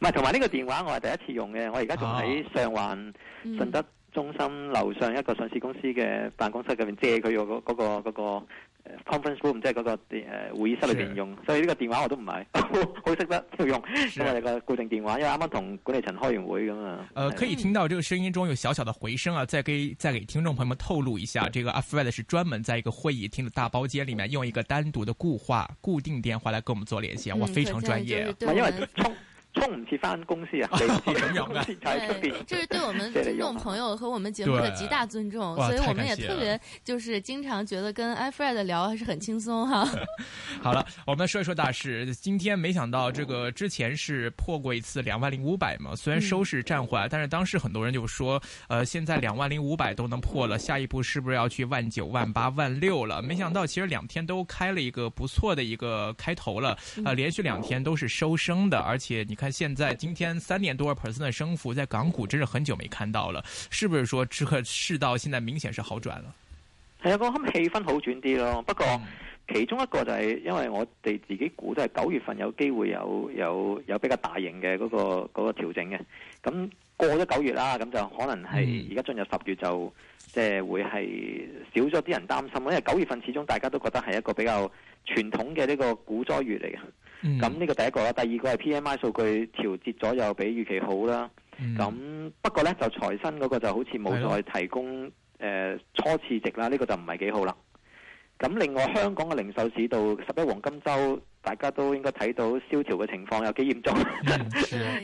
唔係，同埋呢個電話我係第一次用嘅，我而家仲喺上環信、啊嗯、德中心樓上一個上市公司嘅辦公室入面借有、那個，借、那、佢個、那個、呃 group, 那個個 conference room，即係嗰個會議室裏面用，所以呢個電話我都唔係好識得用，因為個固定電話，因為啱啱同管理層開完會咁啊、呃。可以聽到這個聲音中有小小的回聲啊！再給再給聽眾朋友們透露一下，嗯、這個阿 Fred 是專門在一個會議廳的大包間裏面用一個單獨的固話固定電話來跟我們做聯繫，我、嗯、非常專業、啊。嗯 沖唔切翻公司啊，啊？這是對我們聽眾朋友和我們節目的極大尊重，啊、所以我們也特別就是經常覺得跟阿 Fred 的聊還是很輕鬆哈、啊。好了，我們說一說大事。今天沒想到這個之前是破過一次兩萬零五百嘛，雖然收市暫緩、嗯，但是當時很多人就說，呃，現在兩萬零五百都能破了，下一步是不是要去萬九、萬八、萬六了？沒想到其實兩天都開了一個不錯的一個開頭了，呃，連續兩天都是收升的，而且你看。佢現在今天三年多 percent 的升幅，在港股真是很久沒看到了，是不是說這個市道現在明顯是好轉了？係啊，個氣氛好轉啲咯。不過其中一個就係，因為我哋自己估都係九月份有機會有有有比較大型嘅嗰個嗰個調整嘅。咁過咗九月啦，咁就可能係而家進入十月就即係會係少咗啲人擔心，因為九月份始終大家都覺得係一個比較。傳統嘅呢個股災月嚟嘅，咁、嗯、呢個第一個啦，第二個係 PMI 數據調節咗又比預期好啦，咁、嗯、不過呢，就財新嗰個就好似冇再提供、呃、初次值啦，呢、呢個就唔係幾好啦。咁另外香港嘅零售市道十一黃金周。大家都應該睇到蕭條嘅情況有幾嚴重。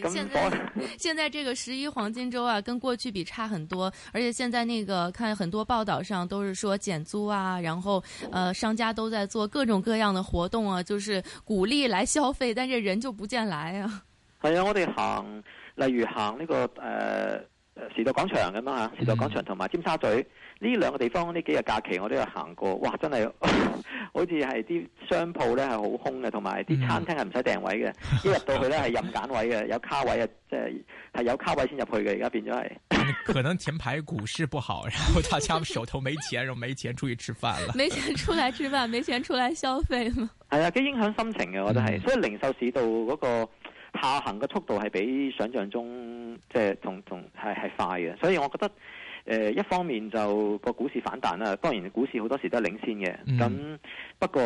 咁， 現在 現在這個十一黃金周啊，跟過去比差很多，而且現在那個看很多報道上都是說減租啊，然後，呃，商家都在做各種各樣的活動啊，就是鼓勵來消費，但係人就唔見來啊。係啊，我哋行例如行呢、這個誒。呃時代廣場咁樣嚇，時代廣場同埋尖沙咀呢兩、嗯、個地方呢幾日假期我都有行過，哇！真係 好似係啲商鋪咧係好空嘅，同埋啲餐廳係唔使訂位嘅、嗯，一入到去咧係任揀位嘅，有卡位啊，即係係有卡位先入去嘅，而家變咗係。可能前排股市不好， 然後大家手頭沒錢， 然後沒錢出去吃飯啦，沒錢出來吃飯，沒錢出來消費嘛。係 啊，啲影響心情嘅我覺得係、嗯，所以零售市道嗰、那個。下行嘅速度係比想象中即係同同係係快嘅，所以我覺得誒、呃、一方面就個股市反彈啦，當然股市好多時都係領先嘅。咁、嗯、不過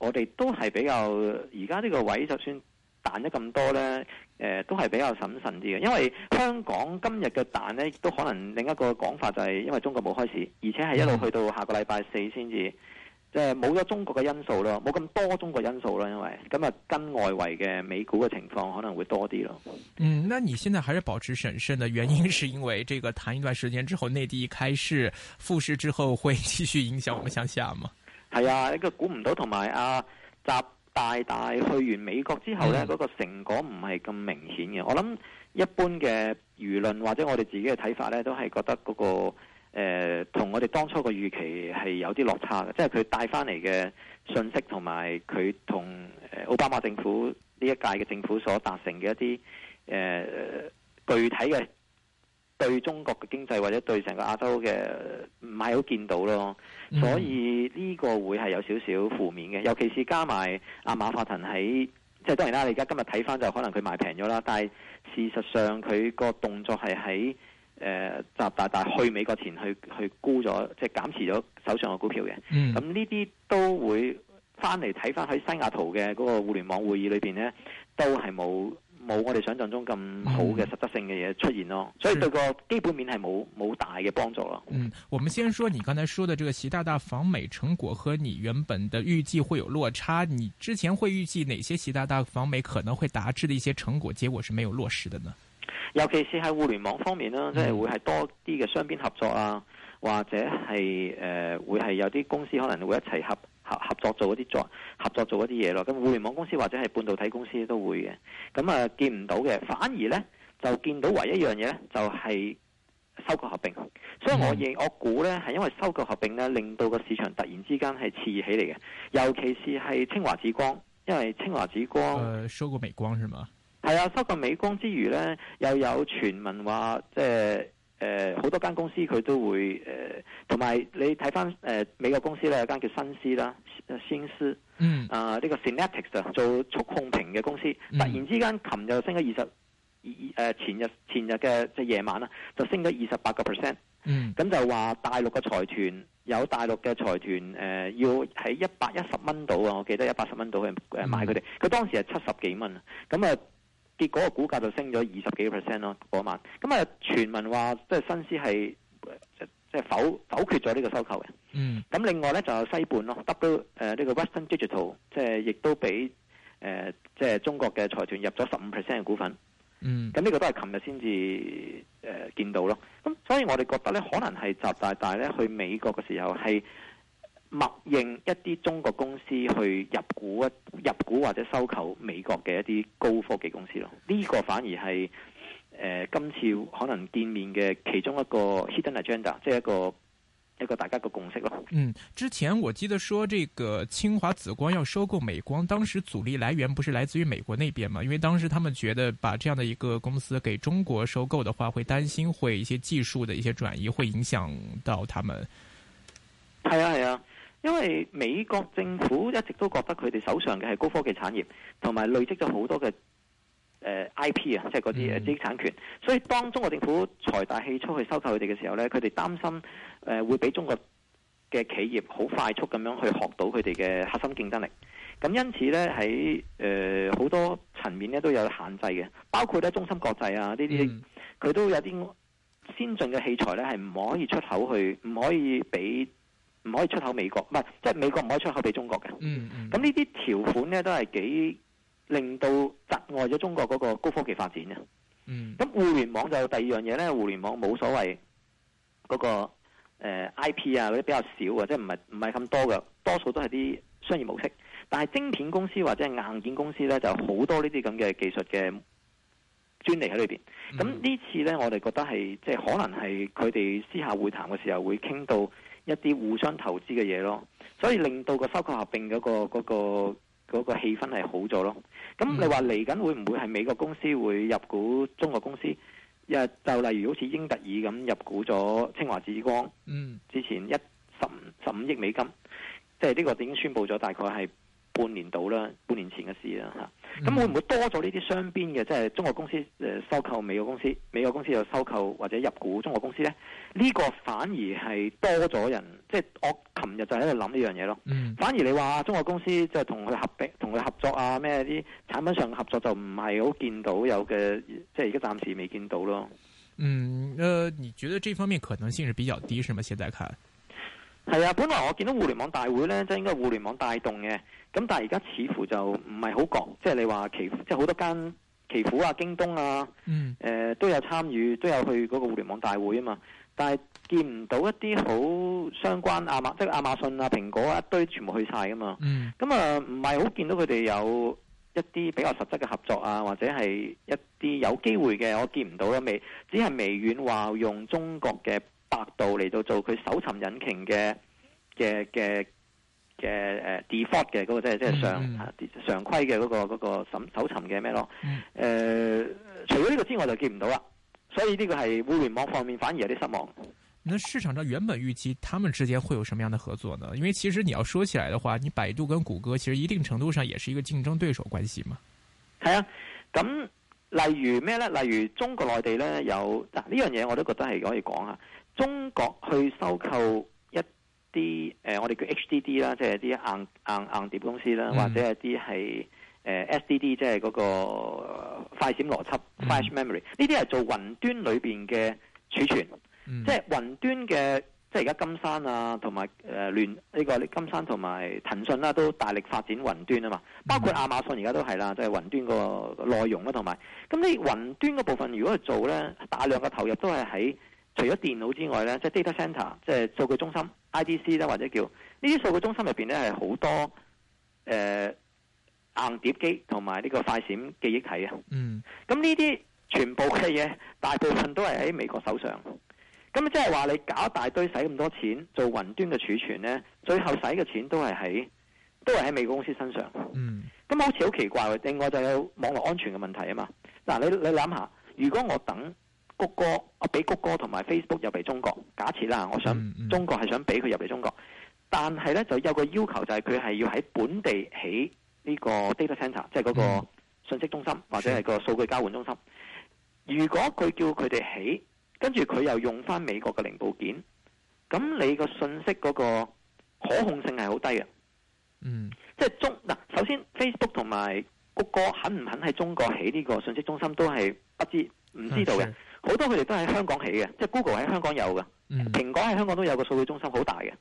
我哋都係比較而家呢個位，就算彈咗咁多呢，誒、呃、都係比較謹慎啲嘅，因為香港今日嘅彈呢都可能另一個講法就係因為中國冇開市，而且係一路去到下個禮拜四先至、嗯。才即係冇咗中國嘅因素咯，冇咁多中國因素咯，因為咁啊跟外圍嘅美股嘅情況可能會多啲咯。嗯，那你現在還是保持審慎嘅原因，是因為這個談一段時間之後，內地開市復市之後會繼續影響我們向下嗎？係、嗯、啊，一個估唔到，同埋阿習大大去完美國之後呢，嗰個成果唔係咁明顯嘅。我諗一般嘅輿論或者我哋自己嘅睇法呢，都係覺得嗰、那個。誒、呃，同我哋當初嘅預期係有啲落差嘅，即係佢帶翻嚟嘅信息同埋佢同誒奧巴馬政府呢一屆嘅政府所達成嘅一啲誒、呃、具體嘅對中國嘅經濟或者對成個亞洲嘅唔係好見到咯，嗯、所以呢個會係有少少負面嘅，尤其是加埋阿馬化騰喺，即係當然啦，你而家今日睇翻就可能佢賣平咗啦，但係事實上佢個動作係喺。誒、呃、習大大去美國前去去沽咗，即係減持咗手上嘅股票嘅。咁呢啲都會翻嚟睇翻喺西雅圖嘅嗰個互聯網會議裏面呢，呢都係冇冇我哋想象中咁好嘅實質性嘅嘢出現咯、嗯。所以對個基本面係冇冇大嘅幫助咯。嗯，我們先說你剛才說的這個習大大訪美成果和你原本的預計會有落差。你之前會預計哪些習大大訪美可能會達致的一些成果？結果是沒有落實的呢？尤其是喺互聯網方面啦、嗯，即係會係多啲嘅雙邊合作啊，或者係誒、呃、會係有啲公司可能會一齊合合合作做一啲作合作做一啲嘢咯。咁互聯網公司或者係半導體公司都會嘅。咁啊、呃、見唔到嘅，反而呢就見到唯一一樣嘢呢，就係收購合併。所以我認我估呢係因為收購合併呢，令到個市場突然之間係刺激起嚟嘅。尤其是係清華紫光，因為清華紫光收購、呃、美光係咪？係啊，收個美光之餘咧，又有傳聞話，即係誒好多間公司佢都會誒，同、呃、埋你睇翻誒美國公司咧，有間叫新思啦，先思，mm. 啊呢、呢個 Synaptics 做觸控屏嘅公司，突然之間琴日升咗二十，誒前日前日嘅即係夜晚啦，就升咗二十八個 percent，咁就話大陸嘅財團有大陸嘅財團誒、呃，要喺一百一十蚊度啊，我記得一百十蚊度去誒買佢哋，佢、mm. 當時係七十幾蚊啊，咁、嗯、啊～結果個股價就升咗二十幾個 percent 咯，嗰晚。咁啊，傳聞話即係新思係即係否否決咗呢個收購嘅。嗯。咁另外咧就西半咯，W 誒呢個 Western Digital 即係亦都俾誒、呃、即係中國嘅財團入咗十五 percent 嘅股份。嗯。咁、這、呢個都係琴日先至誒見到咯。咁所以我哋覺得咧，可能係習大大咧去美國嘅時候係。默認一啲中國公司去入股、入股或者收購美國嘅一啲高科技公司咯。呢個反而係誒、呃、今次可能見面嘅其中一個 hidden agenda，即係一個一個大家嘅共識咯。嗯，之前我記得說，這個清華紫光要收購美光，當時阻力來源不是來自於美國那邊嘛？因為當時他們覺得把這樣的一個公司給中國收購的話，會擔心會一些技術嘅一些轉移，會影響到他們。係、嗯嗯、啊，係啊。因為美國政府一直都覺得佢哋手上嘅係高科技產業，同埋累積咗好多嘅誒 I P 啊，即係嗰啲誒知識產權、嗯。所以當中國政府財大氣粗去收購佢哋嘅時候咧，佢哋擔心誒、呃、會俾中國嘅企業好快速咁樣去學到佢哋嘅核心競爭力。咁因此咧喺誒好多層面咧都有限制嘅，包括咧中芯國際啊呢啲，佢、嗯、都有啲先進嘅器材咧係唔可以出口去，唔可以俾唔可以出口美國，唔係，即係美國唔可以出口俾中國嘅。咁、嗯嗯、呢啲條款咧都係幾令到窒礙咗中國嗰個高科技發展嘅。咁、嗯、互聯網就有第二樣嘢咧，互聯網冇所謂嗰、那個誒、呃、IP 啊嗰啲比較少啊，即係唔係唔係咁多嘅，多數都係啲商業模式。但係晶片公司或者係硬件公司咧，就好多這些、嗯、這呢啲咁嘅技術嘅專利喺裏邊。咁呢次咧，我哋覺得係即係可能係佢哋私下會談嘅時候會傾到。一啲互相投資嘅嘢咯，所以令到個收購合併嗰個嗰個嗰個氣氛係好咗咯。咁你話嚟緊會唔會係美國公司會入股中國公司？一就例如好似英特爾咁入股咗清華紫光，嗯，之前一十五十五億美金，即係呢個已經宣佈咗，大概係。半年度啦，半年前嘅事啦嚇。咁、嗯、會唔會多咗呢啲雙邊嘅，即係中國公司誒收購美國公司，美國公司又收購或者入股中國公司咧？呢個反而係多咗人，即係我琴日就喺度諗呢樣嘢咯。反而你話中國公司就同佢合並，同佢合作啊？咩啲產品上嘅合作就唔係好見到有嘅，即係而家暫時未見到咯。嗯，誒、呃，你覺得這方面可能性係比較低，係咪？現在看？係啊，本來我見到互聯網大會呢，即係應該互聯網帶動嘅，咁但係而家似乎就唔係好覺，即係你話奇，即係好多間奇虎啊、京東啊，誒、mm. 呃、都有參與，都有去嗰個互聯網大會啊嘛，但係見唔到一啲好相關亞馬，即係亞馬遜啊、蘋果啊一堆全部去晒啊嘛，咁啊唔係好見到佢哋有一啲比較實質嘅合作啊，或者係一啲有機會嘅，我見唔到啦，未，只係微軟話用中國嘅。百度嚟到做佢搜尋引擎嘅嘅嘅嘅、誒 default 嘅嗰個，即係即係常啊常規嘅嗰個嗰個審搜尋嘅咩咯，誒除咗呢個之外就見唔到啦，所以呢個係互聯網方面反而有啲失望。那市場上原本預期他們之間會有什麼樣的合作呢？因為其實你要說起來嘅話，你百度跟谷歌其實一定程度上也是一個競爭對手關係嘛。係啊，咁。例如咩咧？例如中國內地咧有嗱呢樣嘢，我都覺得係可以講下！中國去收購一啲誒、呃，我哋叫 HDD 啦，即係啲硬硬硬碟公司啦、嗯，或者係啲係誒 SSD，即係嗰個快閃邏輯 （flash memory）。呢啲係做雲端裏邊嘅儲存，嗯、即係雲端嘅。即係而家金山啊，同埋誒聯呢個金山同埋騰訊啦、啊，都大力發展雲端啊嘛。包括亞馬遜而家都係啦，即係雲端個內容啦，同埋咁呢雲端嗰部分如果去做咧，大量嘅投入都係喺除咗電腦之外咧，即係 data center 即係數據中心 IDC 咧、啊，或者叫呢啲數據中心入邊咧係好多誒、呃、硬碟機同埋呢個快閃記憶體啊。嗯，咁呢啲全部嘅嘢大部分都係喺美國手上。咁即係話你搞一大堆使咁多錢做雲端嘅儲存呢，最後使嘅錢都係喺，都係喺美國公司身上。嗯。咁好似好奇怪。另外就有網絡安全嘅問題啊嘛。嗱、啊，你你諗下，如果我等谷歌，我俾谷歌同埋 Facebook 入嚟中國，假設啦，我想、嗯嗯、中國係想俾佢入嚟中國，但係呢就有個要求就係佢係要喺本地起呢個 data center，即係嗰個信息中心、嗯、或者係個數據交換中心。如果佢叫佢哋起，跟住佢又用翻美國嘅零部件，咁你個信息嗰個可控性係好低嘅。嗯，即係中嗱，首先 Facebook 同埋谷歌肯唔肯喺中國起呢個信息中心都係不知唔知道嘅。好多佢哋都喺香港起嘅，即係 Google 喺香港有嘅、嗯，蘋果喺香港都有個數據中心好大嘅。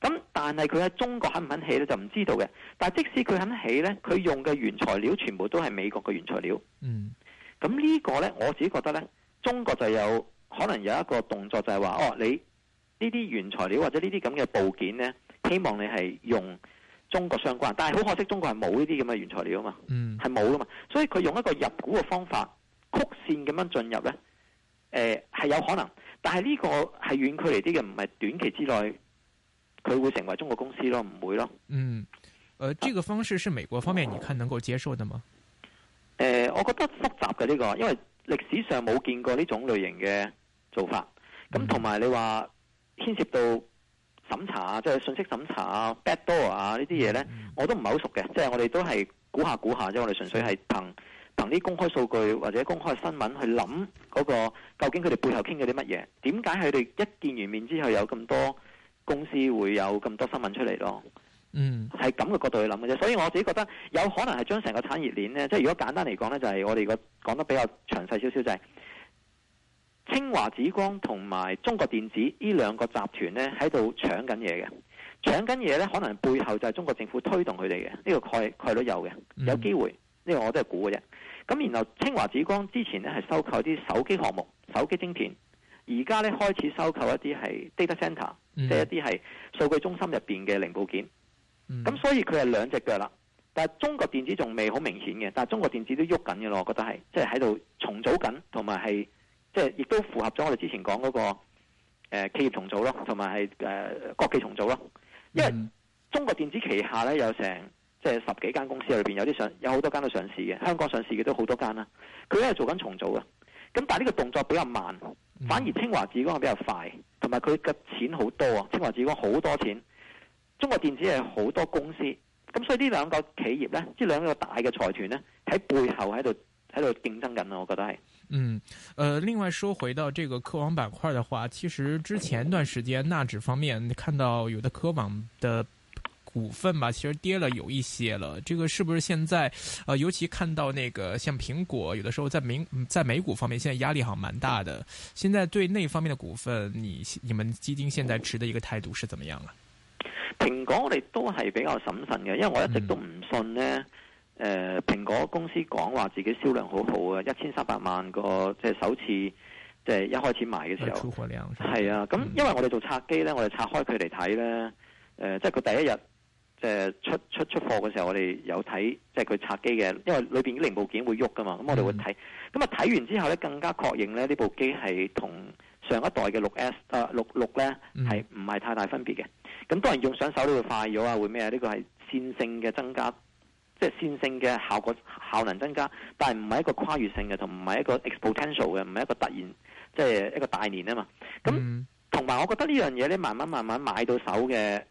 咁但係佢喺中國肯唔肯起咧？就唔知道嘅。但係即使佢肯起咧，佢用嘅原材料全部都係美國嘅原材料。嗯，咁呢個咧，我自己覺得咧，中國就有。可能有一個動作就係話，哦，你呢啲原材料或者呢啲咁嘅部件呢，希望你係用中國相關，但係好可惜，中國係冇呢啲咁嘅原材料啊嘛，係冇噶嘛，所以佢用一個入股嘅方法，曲線咁樣進入呢，誒、呃、係有可能，但係呢個係遠距離啲嘅，唔係短期之內佢會成為中國公司咯，唔會咯。嗯，誒、呃，呢個方式是美國方面、哦、你看能夠接受的嗎？誒、呃，我覺得複雜嘅呢、這個，因為歷史上冇見過呢種類型嘅。做法咁同埋你話牽涉到審查啊，即係信息審查啊、Backdoor 啊呢啲嘢呢，我都唔係好熟嘅，即係我哋都係估下估下啫，我哋純粹係憑憑啲公開數據或者公開新聞去諗嗰個究竟佢哋背後傾嘅啲乜嘢，點解佢哋一見完面之後有咁多公司會有咁多新聞出嚟咯？嗯，係咁嘅角度去諗嘅啫，所以我自己覺得有可能係將成個產業鏈呢，即係如果簡單嚟講呢，就係我哋個講得比較詳細少少就係。清華紫光同埋中國電子呢兩個集團呢，喺度搶緊嘢嘅，搶緊嘢呢，可能背後就係中國政府推動佢哋嘅，呢個概概率有嘅，有機會呢個我都係估嘅啫。咁然後清華紫光之前呢，係收購啲手機項目、手機晶片，而家呢，開始收購一啲係 data center，、mm. 即係一啲係數據中心入邊嘅零部件。咁、mm. 所以佢係兩隻腳啦，但係中國電子仲未好明顯嘅，但係中國電子都喐緊嘅咯，我覺得係即係喺度重組緊同埋係。即係亦都符合咗我哋之前講嗰、那個誒、呃、企業重組咯，同埋係誒國企重組咯。因為中國電子旗下咧有成即係十幾間公司裏邊，有啲上有好多間都上市嘅，香港上市嘅都好多間啦。佢都係做緊重組嘅。咁但係呢個動作比較慢，反而清華紫光係比較快，同埋佢嘅錢好多啊。清華紫光好多錢，中國電子係好多公司。咁所以呢兩個企業咧，即係兩個大嘅財團咧，喺背後喺度喺度競爭緊啊。我覺得係。嗯，呃，另外說回到這個科網板塊的話，其實之前一段時間納指方面看到有的科網的股份吧，其實跌了有一些了。這個是不是現在，呃，尤其看到那個像蘋果，有的時候在美在美股方面現在壓力好像蠻大的，嗯。現在對那方面的股份，你你們基金現在持的一個態度是怎麼樣了，啊？蘋果我哋都係比較審慎嘅，因為我一直都唔信呢。嗯誒、呃，蘋果公司講話自己銷量好好啊，一千三百萬個，即係首次，即係一開始賣嘅時候。出貨量係啊，咁因為我哋做拆機咧，我哋拆開佢嚟睇咧，誒、呃，即係佢第一日，即係出出出貨嘅時候，我哋有睇，即係佢拆機嘅，因為裏邊啲零部件會喐㗎嘛，咁我哋會睇，咁啊睇完之後咧，更加確認咧呢這部機係同上一代嘅六 S 啊六六咧係唔係太大分別嘅，咁、嗯、多人用上手都會快咗啊，會咩啊？呢個係線性嘅增加。即係線性嘅效果效能增加，但係唔係一個跨越性嘅，同唔係一個 exponential 嘅，唔係一個突然即係一個大年啊嘛。咁、嗯、同埋，我覺得呢樣嘢咧，你慢慢慢慢買到手嘅，誒、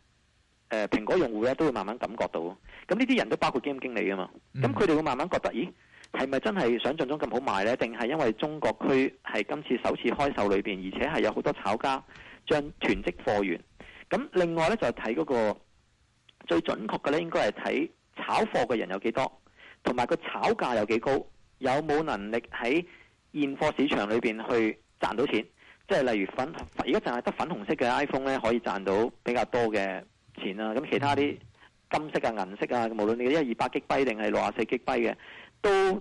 呃、蘋果用戶咧，都會慢慢感覺到。咁呢啲人都包括基金經理啊嘛。咁佢哋會慢慢覺得，咦，係咪真係想像中咁好賣呢？定係因為中國區係今次首次開售裏邊，而且係有好多炒家將囤積貨源。咁另外咧就係睇嗰個最準確嘅咧，應該係睇。炒貨嘅人有幾多？同埋佢炒價有幾高？有冇能力喺現貨市場裏邊去賺到錢？即係例如粉，而家淨係得粉紅色嘅 iPhone 咧可以賺到比較多嘅錢啦、啊。咁其他啲金色啊、銀色啊，無論你一二八 GB 定係六十四 GB 嘅，都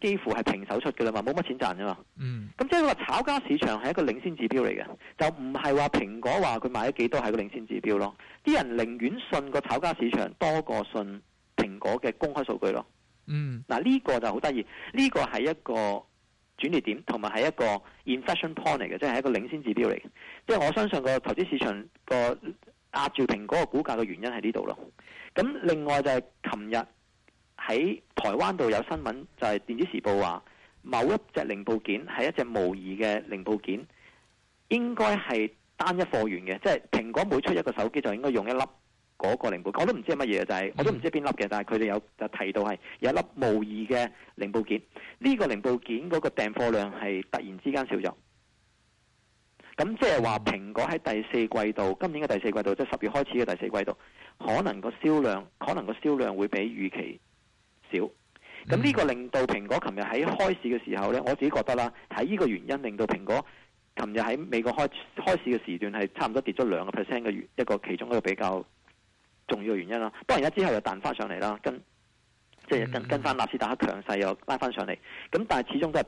幾乎係平手出嘅啦嘛，冇乜錢賺啫嘛。嗯。咁即係話炒家市場係一個領先指標嚟嘅，就唔係話蘋果話佢買咗幾多係個領先指標咯。啲人寧願信個炒家市場多過信蘋果嘅公開數據咯，嗯，嗱呢個就好得意，呢、這個係一個轉捩點，同埋係一個 inflection point 嚟嘅，即係一個領先指標嚟嘅，即係我相信個投資市場個壓住蘋果個股價嘅原因喺呢度咯。咁另外就係琴日喺台灣度有新聞，就係、是《電子時報》話某一隻零部件係一隻模擬嘅零部件，應該係單一貨源嘅，即係蘋果每出一個手機就應該用一粒。嗰個零部件我都唔知係乜嘢，就係我都唔知邊粒嘅，但係佢哋有就提到係有一粒模擬嘅零部件，呢個零部件嗰個訂貨量係突然之間少咗。咁即係話，蘋果喺第四季度，今年嘅第四季度，即係十月開始嘅第四季度，可能個銷量，可能個銷量會比預期少。咁呢個令到蘋果琴日喺開市嘅時候呢，我自己覺得啦，係呢個原因令到蘋果琴日喺美國開開市嘅時段係差唔多跌咗兩個 percent 嘅月，一個其中一個比較重要嘅原因啦，當然啦，之後又彈翻上嚟啦，跟即係、就是、跟跟翻納斯達克強勢又拉翻上嚟，咁但係始終都係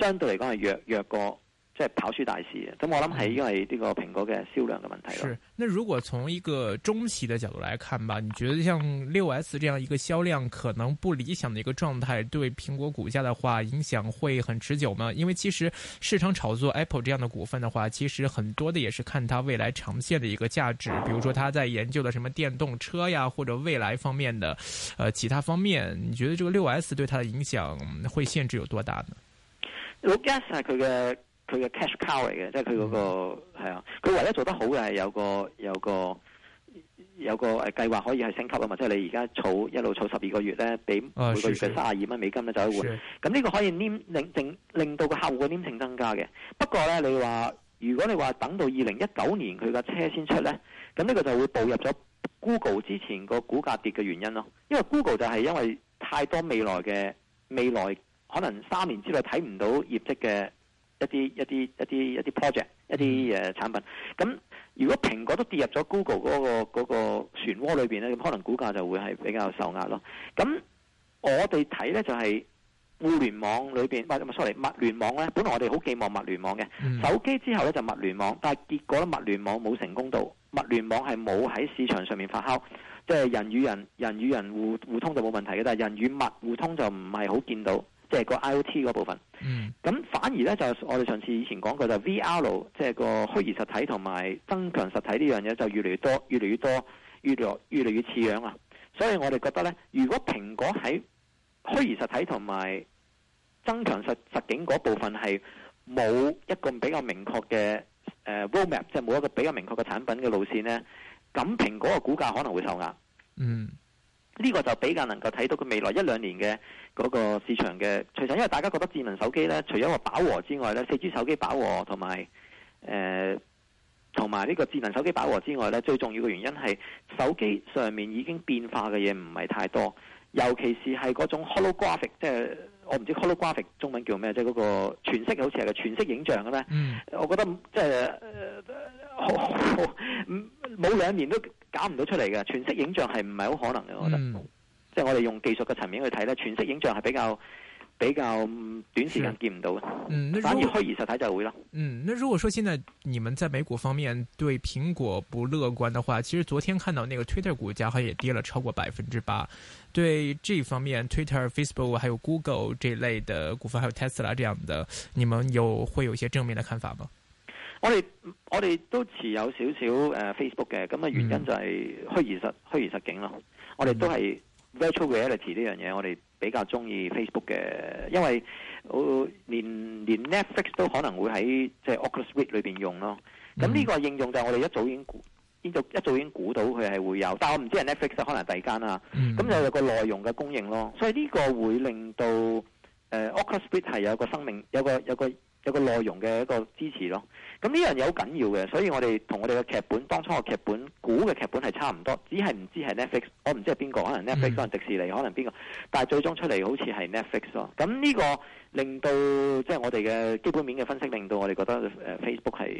相對嚟講係弱弱過。即係跑輸大市。咁我諗係應該係呢個蘋果嘅銷量嘅問題咯。是，那如果從一個中期的角度來看吧，你覺得像六 S 這樣一個銷量可能不理想嘅一個狀態，對蘋果股價的話影響會很持久嗎？因為其實市場炒作 Apple 這樣的股份的話，其實很多的也是看它未來長線的一個價值，oh. 比如說它在研究的什麼電動車呀，或者未來方面的，呃其他方面，你覺得這個六 S 對它的影響會限制有多大呢？六 S 佢嘅 cash cow 嚟嘅，即係佢嗰個係、嗯、啊！佢唯一做得好嘅係有個有個有個誒計劃可以係升級啊嘛！即、就、係、是、你而家儲一路儲十二個月呢，俾每個月嘅卅二蚊美金咧就可以換。咁、啊、呢個可以令令到個客戶嘅黏性增加嘅。不過呢，你話如果你話等到二零一九年佢嘅車先出呢，咁呢個就會步入咗 Google 之前個股價跌嘅原因咯。因為 Google 就係因為太多未來嘅未來可能三年之內睇唔到業績嘅。一啲一啲一啲一啲 project 一啲誒產品，咁如果蘋果都跌入咗 Google 嗰個嗰個漩渦裏邊咧，咁可能股價就會係比較受壓咯。咁我哋睇咧就係互聯網裏邊，唔係 sorry，物聯網咧，本來我哋好寄望物聯網嘅手機之後咧就物聯網，但係結果咧物聯網冇成功到，物聯網係冇喺市場上面發酵，即係人與人、人與人互互通就冇問題嘅，但係人與物互通就唔係好見到。即、就、係、是、個 IOT 嗰部分，咁、嗯、反而咧就我哋上次以前講過就是、VR，即係個虛擬實體同埋增強實體呢樣嘢就越嚟越多，越嚟越多，越嚟越嚟越似樣啊！所以我哋覺得咧，如果蘋果喺虛擬實體同埋增強實實景嗰部分係冇一個比較明確嘅誒 roadmap，即係冇一個比較明確嘅產品嘅路線咧，咁蘋果嘅股價可能會受壓。嗯。呢、這個就比較能夠睇到佢未來一兩年嘅嗰個市場嘅，除咗因為大家覺得智能手機呢，除咗個飽和之外呢，四 G 手機飽和同埋誒同埋呢個智能手機飽和之外呢，最重要嘅原因係手機上面已經變化嘅嘢唔係太多，尤其是係嗰種 holographic，即係我唔知 color graphic 中文叫咩，即係嗰個全息，好似係嘅，全息影像嘅咧，嗯、我覺得即係冇、呃、兩年都搞唔到出嚟嘅，全息影像係唔係好可能嘅？我覺得，嗯、即係我哋用技術嘅層面去睇咧，全息影像係比較，比較短時間見唔到嘅，嗯，反而虛擬實體就會咯。嗯，那如果說現在你們在美股方面對蘋果不樂觀的話，其實昨天看到那個 Twitter 股價好像也跌了超過百分之八。對這一方面，Twitter、Facebook 還有 Google 這類的股份，還有 Tesla 這樣的，你們有會有一些正面的看法嗎？我哋我哋都持有少少誒 Facebook 嘅，咁啊原因就係虛擬實虛擬、嗯、實景咯、嗯。我哋都係 Virtual Reality 呢樣嘢，我哋。比較中意 Facebook 嘅，因為我、哦、連連 Netflix 都可能會喺即係 Oculus Rift 裏邊用咯。咁呢個應用就係我哋一早已經一早一早已經估到佢係會有，但係我唔知係 Netflix 可能係第一間啦。咁、嗯、就有個內容嘅供應咯，所以呢個會令到誒、呃、Oculus Rift 係有個生命，有個有個有個有個內容嘅一個支持咯。咁呢樣嘢好緊要嘅，所以我哋同我哋嘅劇本當初嘅劇本估嘅劇本係差唔多，只係唔知係 Netflix，我唔知係邊個，可能 Netflix，可、嗯、能迪士尼，可能邊個，但係最終出嚟好似係 Netflix 咯。咁呢個令到即係、就是、我哋嘅基本面嘅分析，令到我哋覺得 Facebook 係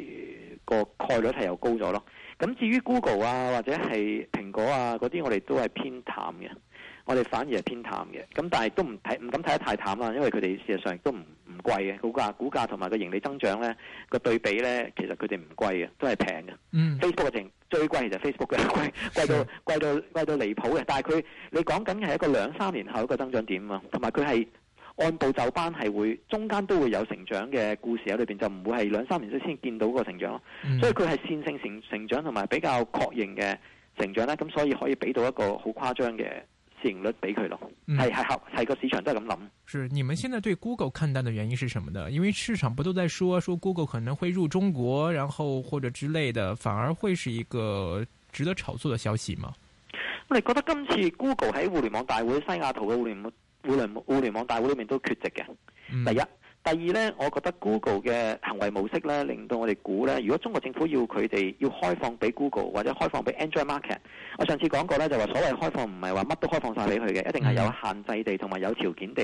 個概率係又高咗咯。咁至於 Google 啊或者係蘋果啊嗰啲，我哋都係偏淡嘅。我哋反而係偏淡嘅，咁但係都唔睇唔敢睇得太淡啦，因為佢哋事實上亦都唔唔貴嘅，股價、股價同埋個盈利增長咧個對比咧，其實佢哋唔貴嘅，都係平嘅。Mm. Facebook 嘅最貴其實 Facebook 嘅貴，貴到的貴到貴到離譜嘅。但係佢你講緊係一個兩三年後一個增長點啊，同埋佢係按部就班係會中間都會有成長嘅故事喺裏邊，就唔會係兩三年先先見到個成長咯。Mm. 所以佢係線性成成長同埋比較確認嘅成長咧，咁所以可以俾到一個好誇張嘅。市盈率俾佢咯，係係合係個市場都係咁諗。是你們現在對 Google 看淡的原因是什麼呢？因為市場不都在說說 Google 可能會入中國，然後或者之類的，反而會是一個值得炒作的消息嗎？我哋覺得今次 Google 喺互聯網大會、西雅圖嘅互聯網、互聯互聯網大會裏面都缺席嘅、嗯，第一。第二呢，我覺得 Google 嘅行為模式呢，令到我哋估呢，如果中國政府要佢哋要開放俾 Google 或者開放俾 Android Market，我上次講過呢，就話所謂開放唔係話乜都開放晒俾佢嘅，一定係有限制地同埋有條件地，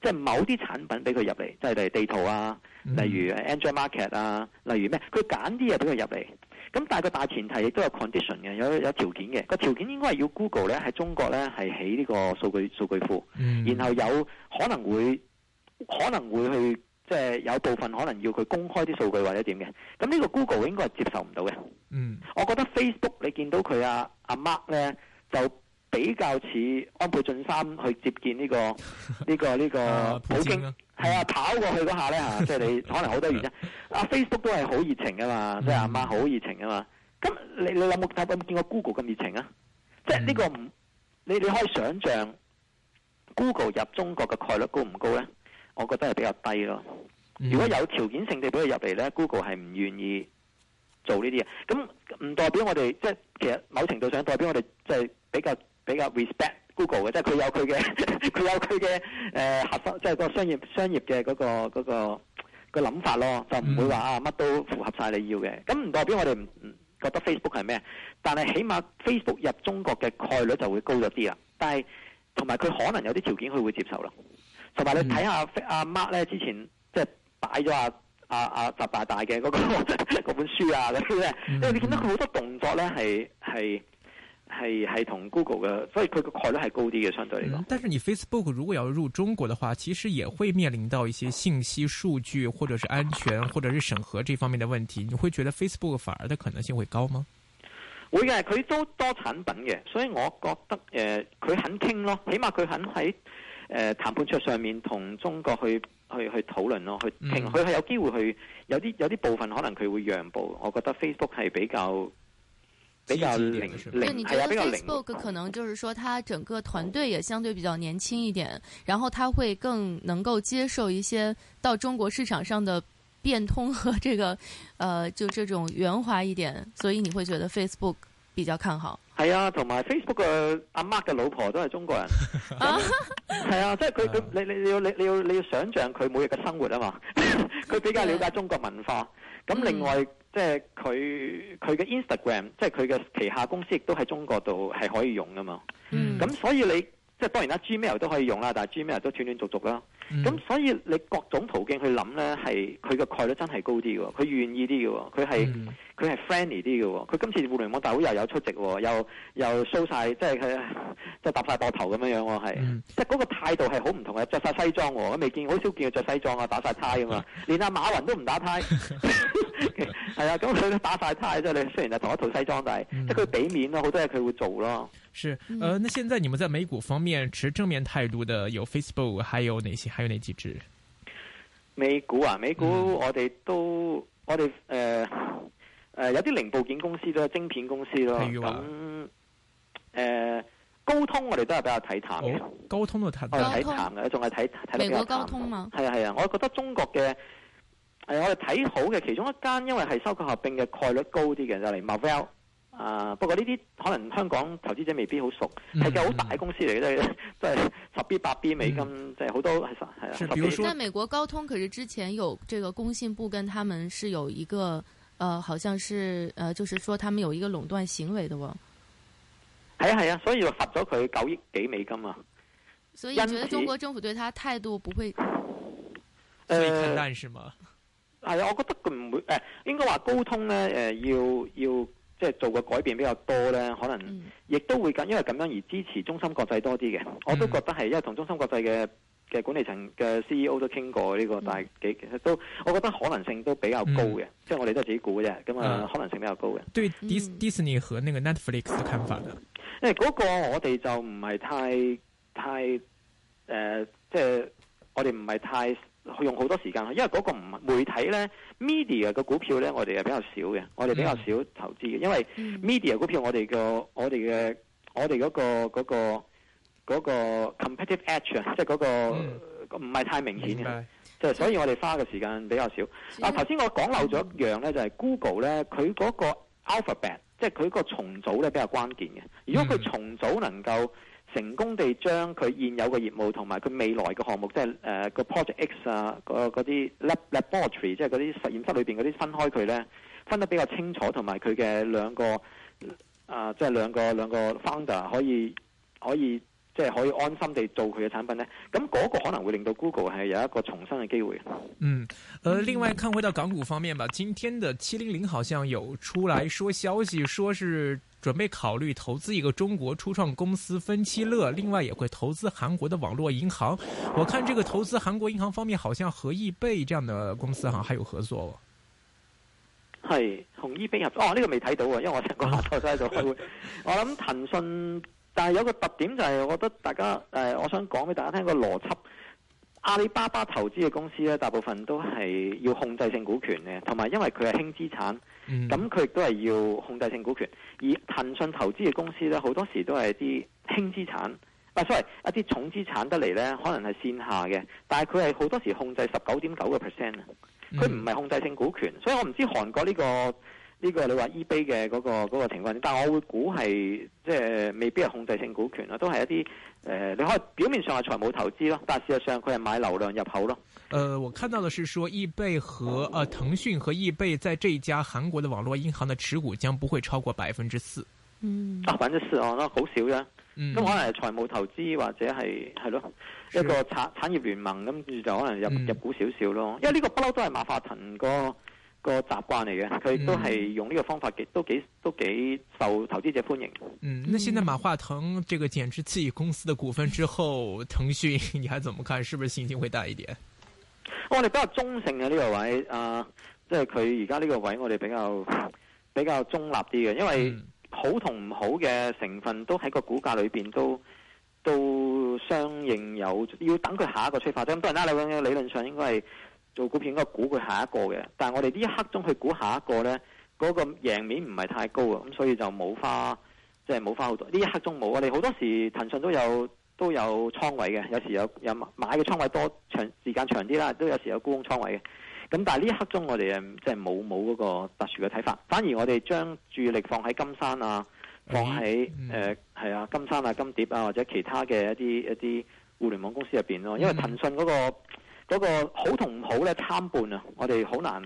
即係某啲產品俾佢入嚟，即係例如地圖啊，例如 Android Market 啊，例如咩，佢揀啲嘢俾佢入嚟。咁但係個大前提亦都有 condition 嘅，有有條件嘅，個條件應該係要 Google 呢，喺中國呢，係起呢個數據，數據庫，然後有可能會。可能會去即係，就是，有部分可能要佢公開啲數據或者點嘅，咁呢個 Google 應該係接受唔到嘅。嗯，我覺得 Facebook 你見到佢阿阿 Mark 咧就比較似安倍晉三去接見呢，這個呢， 這個呢，這個普京，係 啊，啊，啊跑過去嗰下咧，即係你可能好多原因。 啊 Facebook 都係好熱情㗎嘛，即，嗯，係，就是，阿 Mark 好熱情㗎嘛。咁你你有冇睇過冇見過 Google 咁熱情啊？即係呢個唔，嗯、你你可以想象 Google 入中國嘅概率高唔高咧？我覺得係比較低咯。如果有條件性地俾佢入嚟呢 Google 係唔願意做呢啲嘢。咁唔代表我哋即係其實某程度上代表我哋即係比較 respect Google 嘅，即係佢有佢嘅佢有佢嘅誒核心，即係嗰個商業商業嘅嗰個嗰個個諗法咯。就唔會話啊乜都符合晒你要嘅。咁唔代表我哋唔覺得 Facebook 係咩，但係起碼 Facebook 入中國嘅概率就會高咗啲啊。但係同埋佢可能有啲條件佢會接受啦。同埋你睇下阿 Mark 咧，之前即係擺咗阿阿阿習大大嘅嗰、那個、 本書啊咁嘅、嗯，因為你見到佢好多動作咧係係係係同 Google 嘅，所以佢個概率係高啲嘅相對嚟講、嗯。但是你 Facebook 如果要入中國嘅話，其實也會面臨到一些信息數據或者是安全或者是審核這方面嘅問題。你會覺得 Facebook 反而的可能性會高嗎？會嘅，佢都多產品嘅，所以我覺得誒佢肯傾咯，起碼佢肯喺。呃談判桌上面同中國去去去討論咯，去佢係、嗯、有機會去有啲有啲部分可能佢會讓步，我覺得 Facebook 係比較比較靈智智靈，係啊，比較靈。Facebook 可能就是說他整個團隊也相對比較年輕一點，然後他會更能夠接受一些到中國市場上的變通和這個呃，就這種圓滑一點，所以你會覺得 Facebook。比較看好，係啊，同埋 Facebook 嘅阿、啊、Mark 嘅老婆都係中國人，係 是啊，即係佢佢你你你要你你要你要想象佢每日嘅生活啊嘛，佢 比較了解中國文化，咁另外、嗯、即係佢佢嘅 Instagram，即係佢嘅旗下公司亦都喺中國度係可以用噶嘛，咁、嗯、所以你即係當然啦，Gmail 都可以用啦，但係 Gmail 都斷斷續續啦。咁、嗯、所以你各種途徑去諗咧，係佢嘅概率真係高啲嘅，佢願意啲嘅，佢係佢係 friendly 啲嘅，佢今次互聯網大會又有出席喎，又又 show 晒，即係佢即係搭晒膊頭咁樣樣喎，係、嗯、即係嗰個態度係好唔同嘅，着晒西裝喎，未見好少見佢着西裝啊，打晒 tie 咁啊， 連阿馬雲都唔打 tie，係啊，咁 佢 打晒 tie，即係你雖然係同一套西裝，但係、嗯、即係佢俾面咯，好多嘢佢會做咯。是，呃，那現在你們在美股方面持正面態度的有 Facebook，還有哪些？還有哪幾支？美股啊，美股我哋都，嗯、我哋誒誒有啲零部件公司都係，晶片公司咯，咁、哎、誒、呃、高通我哋都係比較睇淡嘅、哦，高通都睇，睇淡嘅，仲係睇睇咩嘅？美國高通嘛、啊？係啊係啊，我覺得中國嘅誒、呃、我哋睇好嘅其中一間，因為係收購合併嘅概率高啲嘅就嚟、是、Marvell 啊、呃！不過呢啲可能香港投資者未必好熟，係、嗯、個好大公司嚟嘅、嗯，都係都係十 B 八 B 美金，即係好多係啊係啊。表示，但美國高通可是之前有這個工信部跟他們是有一個，呃，好像是呃，就是說他們有一個壟斷行為嘅喎。係啊係啊，所以就罰咗佢九億幾美金啊。所以你覺得中國政府對他態度不會。誒、呃，是嗎？係啊，我覺得佢唔會誒、呃，應該話高通呢，誒、呃，要要。即、就、係、是、做嘅改變比較多咧，可能亦都會咁，因為咁樣而支持中心國際多啲嘅、嗯。我都覺得係，因為同中心國際嘅嘅管理層嘅 CEO 都傾過呢、這個，嗯、但係幾其實都，我覺得可能性都比較高嘅、嗯。即係我哋都係自己估嘅啫。咁、嗯、啊、嗯，可能性比較高嘅。對 Disney 和那個 Netflix 嘅看法咧、嗯？誒，嗰個我哋就唔係太太誒，即係我哋唔係太。太呃就是用好多時間，因為嗰個唔媒體呢 media 嘅股票呢，我哋係比較少嘅，我哋比較少投資嘅、嗯，因為 media 股票我哋嘅我哋嘅我哋嗰、嗰個嗰 competitive edge 即係嗰個唔係太明顯嘅，即係、就係、所以我哋花嘅時間比較少。嗯、啊，頭先我講漏咗一樣呢，就係、係、Google 呢，佢嗰個 Alphabet，即係佢個重組呢比較關鍵嘅，如果佢重組能夠成功地將佢現有嘅業務同埋佢未來嘅項目，即係誒個 project X 啊，嗰、啊、啲 laboratory 即係嗰啲實驗室裏邊嗰啲分開佢咧，分得比較清楚，同埋佢嘅兩個啊，即係兩個兩個 founder 可以可以即係、就是、可以安心地做佢嘅產品咧。咁嗰個可能會令到 Google 係有一個重生嘅機會。嗯，誒、呃，另外，看回到港股方面吧。今天的七零零好像有出來說消息，說是，準備考慮投資一個中國初創公司分期樂，另外也會投資韓國的網絡銀行。我看這個投資韓國銀行方面，好像和易貝這樣的公司，好像還有合作。哦。係，同易貝合作。哦，呢、這個未睇到，因為我成個下晝都喺度開會。哦、 我諗騰訊，但係有個特點就係，我覺得大家誒、呃，我想講俾大家聽個邏輯。阿里巴巴投資嘅公司咧，大部分都係要控制性股權嘅，同埋因為佢係輕資產。咁佢亦都係要控制性股權，而騰訊投資嘅公司呢，好多時都係啲輕資產，啊 sorry，一啲重資產得嚟呢，可能係線下嘅，但係佢係好多時控制十九點九個 percent 啊，佢唔係控制性股權，所以我唔知韓國呢個呢個你話 eBay 嘅嗰個嗰個情況，但我會估係即係未必係控制性股權，都係一啲。誒、呃，你可以表面上係財務投資咯，但係事實上佢係買流量入口咯。誒、呃，我看到嘅是說，易貝和誒、呃、騰訊和易貝在這一家韓國的網絡銀行嘅持股將不會超過百分之四。嗯，百分之四哦，都好少嘅。咁、嗯嗯、可能係財務投資或者係係咯一個產產業聯盟，咁就可能入、嗯、入股少少咯。因為呢個不嬲都係馬化騰個個習慣嚟嘅，佢都係用呢個方法，都幾都幾受投資者歡迎。嗯，那現在馬化騰這個減持自己公司的股份之後，騰訊你還怎麼看？是不是信心會大一點？我、哦、哋比較中性嘅呢個位，啊、呃，即係佢而家呢個位，我哋比較比較中立啲嘅，因為好同唔好嘅成分都喺個股價裏邊都都相應有，要等佢下一個催化，咁當然啦，理論上應該係。做股票應該估佢下一個嘅，但係我哋呢一刻鐘去估下一個呢，嗰個贏面唔係太高啊，咁所以就冇花，即係冇花好多。呢一刻中冇，我哋好多時騰訊都有都有倉位嘅，有時有有買嘅倉位多長時間長啲啦，都有時有沽空倉位嘅。咁但係呢一刻中我哋誒即係冇冇嗰個特殊嘅睇法，反而我哋將注意力放喺金山啊，放喺誒係啊金山啊金蝶啊或者其他嘅一啲一啲互聯網公司入邊咯，因為騰訊嗰個。嗯嗰、那個好同唔好咧，參半啊！我哋好難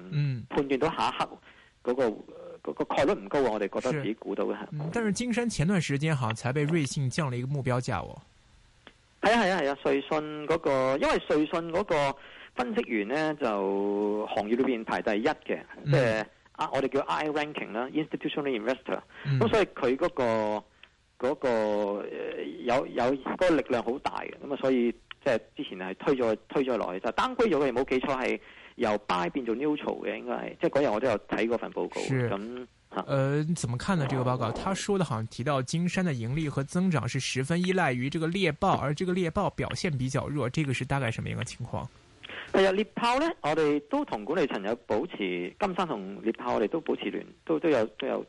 判斷到下一刻嗰、嗯那個呃那個概率唔高啊！我哋覺得自己估到嘅、嗯、但係金山前段時間好似，才被瑞信降了一個目標價喎、哦。係啊係啊係啊,啊！瑞信嗰、那個，因為瑞信嗰個分析員呢，就行業裏邊排第一嘅、嗯，即係 I、嗯、我哋叫 I ranking 啦，institutional investor、嗯。咁、嗯、所以佢嗰、那個嗰、那個有有嗰、那個力量好大嘅，咁啊所以。即係之前係推咗推咗落去，但係 downgrade 咗嘅，冇記錯係由 buy 變做 neutral 嘅，應該係即係嗰日我都有睇過嗰份報告。咁，嗯、呃，怎麼看呢、啊？這個報告，它說的好像提到金山嘅盈利和增長是十分依賴於這個獵豹，而這個獵豹表現比較弱，這個是大概是咩嘅情況？係啊，獵豹咧，我哋都同管理層有保持金山同獵豹，我哋都保持聯，都都有都有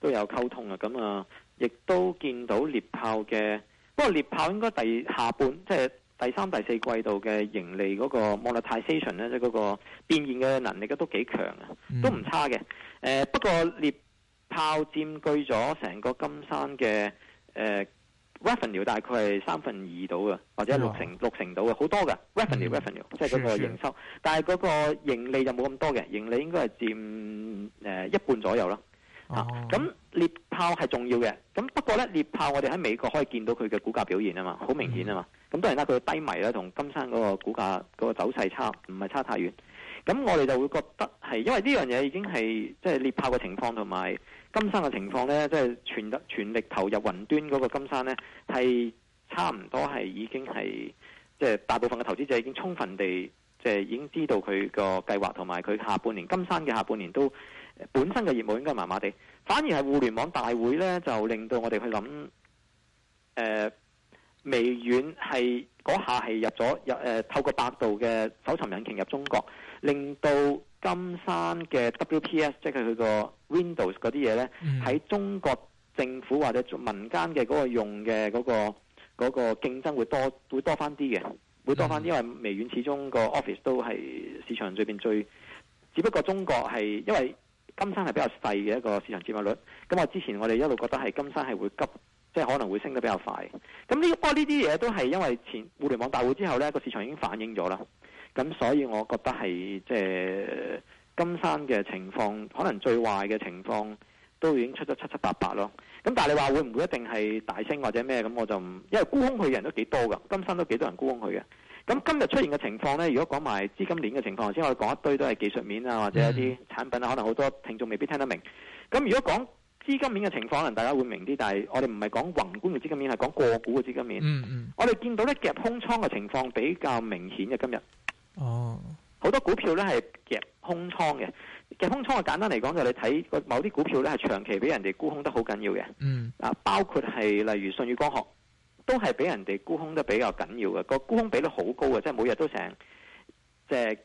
都有溝通啊。咁啊，亦都見到獵豹嘅，不過獵豹應該第下半即係。第三、第四季度嘅盈利嗰個 monetization 咧，即係嗰個變現嘅能力都幾強啊，都唔差嘅、呃。不過獵豹佔據咗成個金山嘅、呃、revenue，大概係三分二到嘅，或者六成、啊、六成到嘅，好多嘅 revenue revenue，、嗯、即係嗰個營收。是是但係嗰個盈利就冇咁多嘅，盈利應該係佔呃一半左右啦。啊，咁獵豹係重要嘅，咁不過咧，獵豹我哋喺美國可以見到佢嘅股價表現啊嘛，好明顯啊嘛。嗯嗯咁當然啦，佢低迷啦，同金山嗰個股價嗰個走勢差唔係差太遠。咁我哋就會覺得係，因為呢樣嘢已經係即係獵豹嘅情況同埋金山嘅情況呢，即係全全力投入雲端嗰個金山呢，係差唔多係已經係即係大部分嘅投資者已經充分地即係已經知道佢個計劃同埋佢下半年金山嘅下半年都本身嘅業務應該麻麻地，反而係互聯網大會呢，就令到我哋去諗誒。微軟係嗰下係入咗入誒、呃，透過百度嘅搜尋引擎入中國，令到金山嘅 WPS，即係佢個 Windows 嗰啲嘢咧，喺、嗯、中國政府或者民間嘅嗰個用嘅嗰、嗰個嗰、嗰個競爭會多會多返啲嘅，會多返啲、嗯，因為微軟始終個 Office 都係市場裡邊最，只不過中國係因為金山係比較細嘅一個市場佔有率，咁啊之前我哋一路覺得係金山係會急。即係可能會升得比較快，咁呢波呢啲嘢都係因為前互聯網大會之後呢個市場已經反映咗啦，咁所以我覺得係即係金山嘅情況，可能最壞嘅情況都已經出咗七七八八咯。咁但係你話會唔會一定係大升或者咩咁？我就唔，因為沽空佢嘅人都幾多噶，金山都幾多人沽空佢嘅。咁今日出現嘅情況呢，如果講埋資金鏈嘅情況先，我講一堆都係技術面啊或者啲產品啊，可能好多聽眾未必聽得明。咁如果講資金面嘅情況可能大家會明啲，但係我哋唔係講宏觀嘅資金面，係講個股嘅資金面。嗯嗯，我哋見到咧，夾空倉嘅情況比較明顯嘅今日。哦，好多股票咧，係夾空倉嘅。夾空倉嘅簡單嚟講就你睇某啲股票咧，係長期俾人哋沽空得好緊要嘅。嗯，啊包括係例如信宇光學都係俾人哋沽空得比較緊要嘅，個沽空比率好高嘅，即係每日都成。即係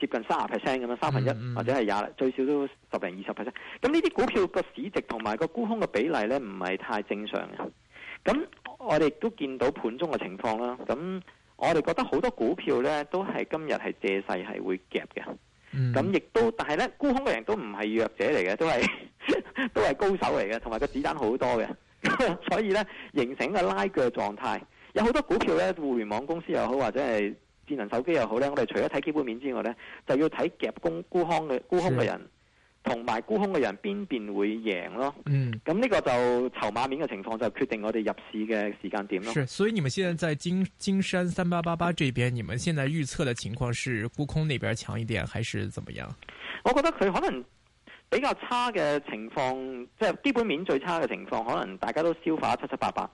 接近三十 percent 咁樣，三分一、mm -hmm. 或者係廿最少都十零二十 percent。咁呢啲股票個市值同埋個沽空嘅比例咧，唔係太正常嘅。咁我哋都見到盤中嘅情況啦。咁我哋覺得好多股票咧都係今日係借勢係會夾嘅。咁、mm、亦 -hmm. 都，但係咧沽空嘅人都唔係弱者嚟嘅，都係 都係高手嚟嘅，同埋個子彈好多嘅， 所以咧形成個拉鋸狀態。有好多股票咧，互聯網公司又好，或者係。智能手機又好咧，我哋除咗睇基本面之外咧，就要睇夾公沽空嘅沽空嘅人，同埋沽空嘅人邊邊會贏咯。咁、嗯、呢個就籌碼面嘅情況就決定我哋入市嘅時間點咯。所以你們現在在金金山三八八八這邊，你們現在預測嘅情況是沽空那邊強一點，還是怎麼樣？我覺得佢可能比較差嘅情況，即係基本面最差嘅情況，可能大家都消化得七七八八。咁、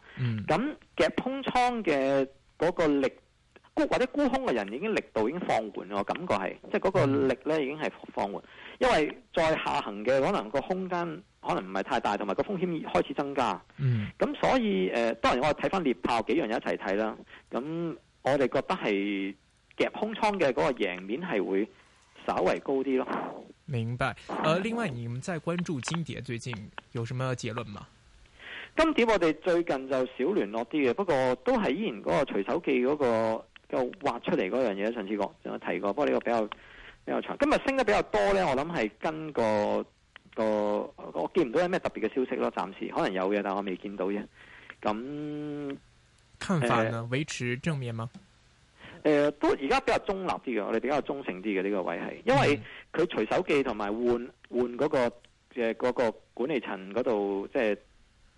嗯、夾空倉嘅嗰個力。或者沽空嘅人已經力度已經放緩咯，我感覺係即係嗰個力咧已經係放緩，因為再下行嘅可能個空間可能唔係太大，同埋個風險開始增加。嗯，咁所以誒、呃，當然我睇翻獵豹幾樣嘢一齊睇啦。咁我哋覺得係夾空倉嘅嗰個贏面係會稍為高啲咯。明白。誒、呃，另外你們在關注金蝶最近有什麼結論嗎？金蝶我哋最近就少聯絡啲嘅，不過都係依然嗰個隨手記嗰、那個。就挖出嚟嗰樣嘢，上次講，有提過。不過呢個比較比較長。今日升得比較多呢，我諗係跟個個，我見唔到有咩特別嘅消息咯。暫時可能有嘅，但我未見到啫。咁、嗯、看法呢、呃？維持正面嗎？誒、呃，都而家比較中立啲嘅，我、這、哋、個、比較中性啲嘅呢個位係因為佢隨手記同埋換換嗰、那個嗰、呃那個管理層嗰度，即、就、係、是、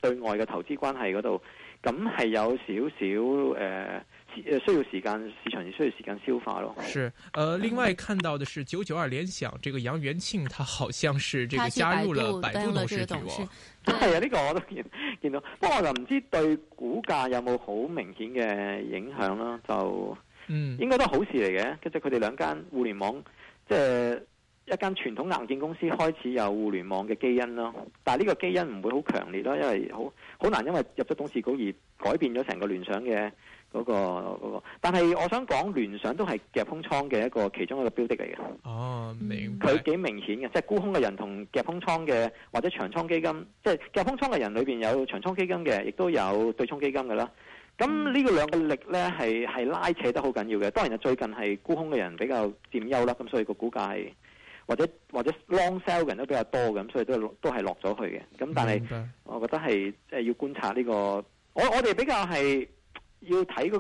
對外嘅投資關係嗰度，咁係有少少誒。呃誒，需要時間，市場亦需要時間消化咯。是，誒、呃，另外看到嘅是九九二聯想，這個楊元慶，他好像是這個加入了百度董事局。局。係啊，呢個我都見見到，不過我就唔知對股價有冇好明顯嘅影響啦。就嗯，應該都好事嚟嘅。跟住佢哋兩間互聯網，即、就、係、是、一間傳統硬件公司開始有互聯網嘅基因咯。但係呢個基因唔會好強烈咯，因為好好難因為入咗董事局而改變咗成個聯想嘅。嗰個、嗰個，但係我想講聯想都係夾空倉嘅一個其中一個標的嚟嘅。哦，明佢幾明顯嘅，即係沽空嘅人同夾空倉嘅或者長倉基金，即係夾空倉嘅人裏邊有長倉基金嘅，亦都有對沖基金嘅啦。咁呢個兩個力咧係係拉扯得好緊要嘅。當然係最近係沽空嘅人比較佔優啦，咁所以個股價係或者或者 long sell 嘅人都比較多嘅，咁所以都都係落咗去嘅。咁但係我覺得係即係要觀察呢個，我我哋比較係。要睇嗰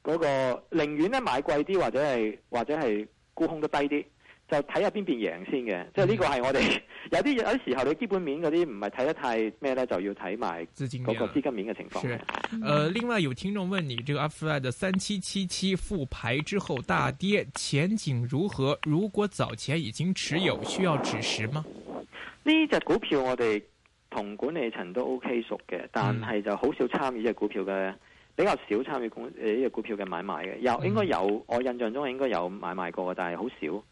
個嗰個，寧願咧買貴啲，或者係或者係沽空都低啲，就睇下邊邊贏先嘅。嗯、即係呢個係我哋有啲有啲時候，你基本面嗰啲唔係睇得太咩咧，就要睇埋資金嗰個資金面嘅情況。呃，另外有聽眾問你，這個 u f s i d e 三七七七，復牌之後大跌，前景如何？如果早前已經持有，需要止蝕嗎？呢隻股票我哋同管理層都 OK 熟嘅，但係就好少參與呢隻股票嘅。比較少參與誒呢個股票嘅買賣嘅，有應該有，我印象中係應該有買賣過嘅，但係好少。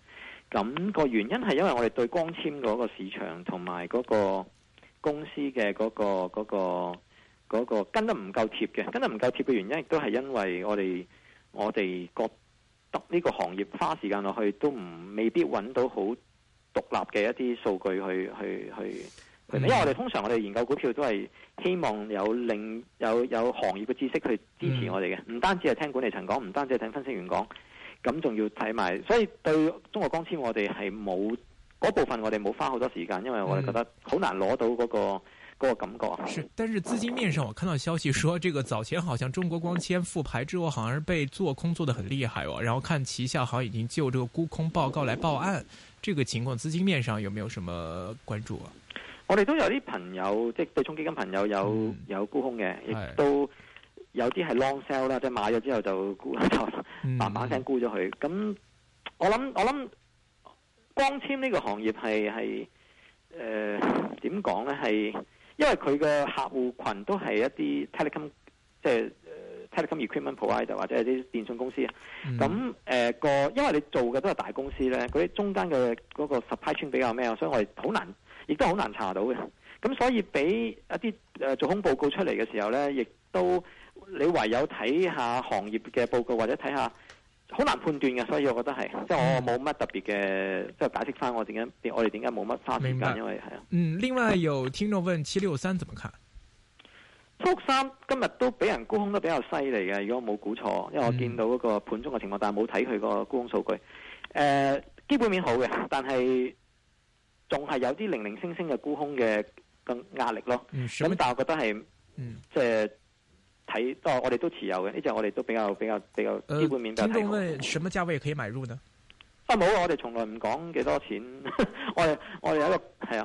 咁個原因係因為我哋對光纖嗰個市場同埋嗰個公司嘅嗰個嗰個嗰個跟得唔夠貼嘅，跟得唔夠貼嘅原因，亦都係因為我哋我哋覺得呢個行業花時間落去都唔未必搵到好獨立嘅一啲數據去去去。去因為我哋通常我哋研究股票都係希望有另有有行業嘅知識去支持我哋嘅，唔單止係聽管理層講，唔單止係聽分析員講，咁仲要睇埋。所以對中國光纖，我哋係冇嗰部分，我哋冇花好多時間，因為我哋覺得好難攞到嗰、嗰個嗯嗰個感覺。是，但是資金面上，我看到消息說，這個早前好像中國光纖復牌之後，好像被做空做得很厲害喎。然後看旗下好像已經就這個沽空報告來報案，這個情況資金面上有沒有什麼關注啊？我哋都有啲朋友，即、就、係、是、對沖基金朋友有、嗯、有沽空嘅，亦都有啲係 long sale 啦，即係買咗之後就，就慢慢沽就嘭嘭聲沽咗佢。咁、嗯、我諗我諗光纖呢個行業係係誒點講咧？係、呃、因為佢嘅客戶群都係一啲 telecom，即係 telecom equipment provider 或者係啲電信公司。咁、嗯、個、呃、因為你做嘅都係大公司咧，嗰啲中間嘅嗰個 supply chain 比較咩啊，所以我哋好難。亦都好難查到嘅，咁所以俾一啲誒、呃、做空報告出嚟嘅時候咧，亦都你唯有睇下行業嘅報告或者睇下，好難判斷嘅。所以，我覺得係，即、就、係、是、我冇乜特別嘅，即係解釋翻我點解，我哋點解冇乜花時間，因為係啊。嗯，另外有聽眾問七六三怎麼看？七六三今日都俾人沽空得比較犀利嘅，如果我冇估錯，因為我見到嗰個盤中嘅情況、嗯，但係冇睇佢個沽空數據。誒、呃，基本面好嘅，但係。仲係有啲零零星星嘅沽空嘅咁壓力咯，咁、嗯、但係我覺得係即係睇，都、就是嗯哦、我哋都持有嘅，呢、這、隻、個、我哋都比較比較比較，基本面比較睇好嘅。請問什麼價位可以買入呢？啊冇，我哋從來唔講幾多錢， 我哋我哋有一個係啊、 嗯。我